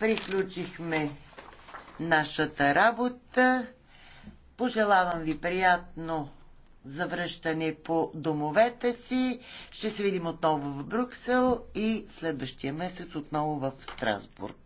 приключихме нашата работа. Пожелавам ви приятно завръщане по домовете си. Ще се видим отново в Брюксел и следващия месец отново в Страсбург.